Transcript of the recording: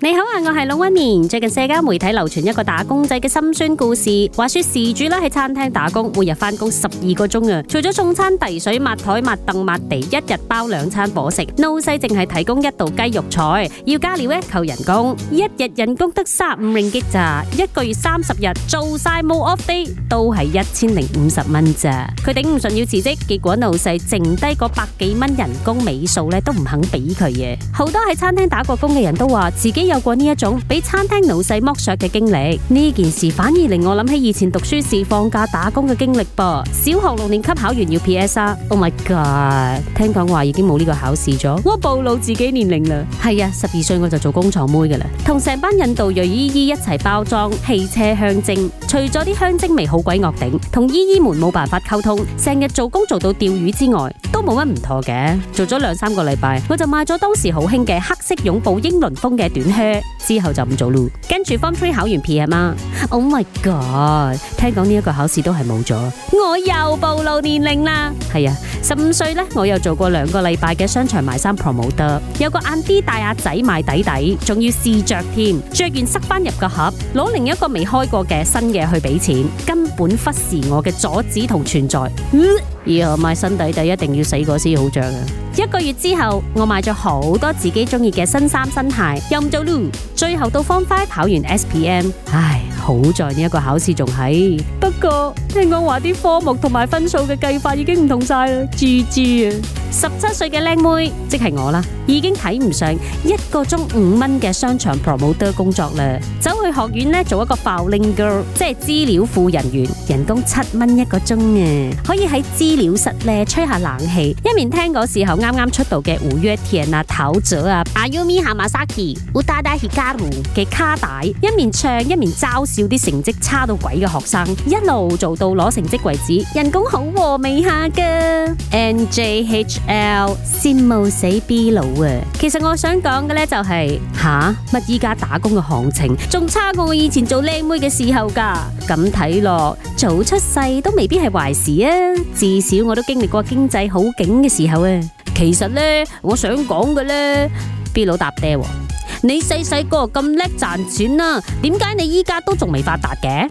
你好啊，我係龍紋敏。最近社交媒體流傳一個打工仔嘅心酸故事，話說事主啦喺餐廳打工，每日翻工十二個鐘啊，除咗送餐、遞水、抹台、抹凳、抹地，一日包兩餐伙食。老細淨係提供一道雞肉菜，要加料咧，扣人工，一日人工得三五零幾咋，一個月三十日做晒冇 off day，都係一千零五十蚊咋。佢頂唔順要辭職，結果老細剩低個百幾蚊人工尾數咧，都唔肯俾佢嘅。好多喺餐廳打過工嘅人都話自己，有過呢一種俾餐廳老細剝削嘅經歷，呢件事反而令我諗起以前讀書時放假打工嘅經歷噃。小學六年級考完要 PSR，Oh my god！聽講話已經冇呢個考試咗，我暴露自己年齡啦。係啊，十二歲我就做工廠妹噶啦，依依同成班印度裔姨姨一齊包裝汽車香精，除咗啲香精味好鬼惡頂，同姨姨們冇辦法溝通，成日做工做到釣魚之外。冇乜唔妥嘅，做咗兩三個禮拜，我就買咗當時好興嘅黑色擁抱英倫風嘅短靴，之後就唔做咯。跟住 Form Three 考完 P.M.，Oh my God！聽講呢一個考試都係冇咗，我又暴露年齡啦。係啊。十五歲咧，我又做過兩個禮拜嘅商場賣衫 promoter，有個晏啲帶阿仔買底底，仲要試着添，着完塞翻入個盒，攞另一個未開過嘅新嘢去俾錢，根本忽視我嘅阻止同存在。要、嗯、以後買新底底，一定要洗過先好着啊！一個月之後，我買咗好多自己中意嘅新衫新鞋，又唔做囉。最後到 Form 5跑完 S P M，唉，好在呢一個考試仲喺，不過聽講話啲科目同埋分數嘅計法已經唔同晒啦。姐姐。十七歲嘅靚妹，即係我啦，已經睇唔上一個鐘五蚊嘅商場 promoter 工作啦，走去學院呢，做一個 filing girl，即係資料庫人員，人工七蚊一個鐘啊，可以喺資料室咧吹下冷氣，一面聽嗰時候啱啱出道嘅五月天啊、陶喆啊、Ayumi Hamasaki、Utada Hikaru 嘅卡帶，一面唱一面嘲笑啲成績差到鬼嘅學生，一路做到攞成績為止，人工好和味下噶，N J H。L，oh, 羨慕死 B 佬啊！其實我想講嘅咧就係吓，乜依家打工嘅行情仲差過我以前做靚妹嘅時候噶。咁睇落，早出世都未必係壞事啊。至少我都經歷過經濟好景嘅時候啊。其實咧，我想講嘅咧，B 佬搭爹、哦，你細細個咁叻賺錢啊，點解你依家都仲未發達嘅？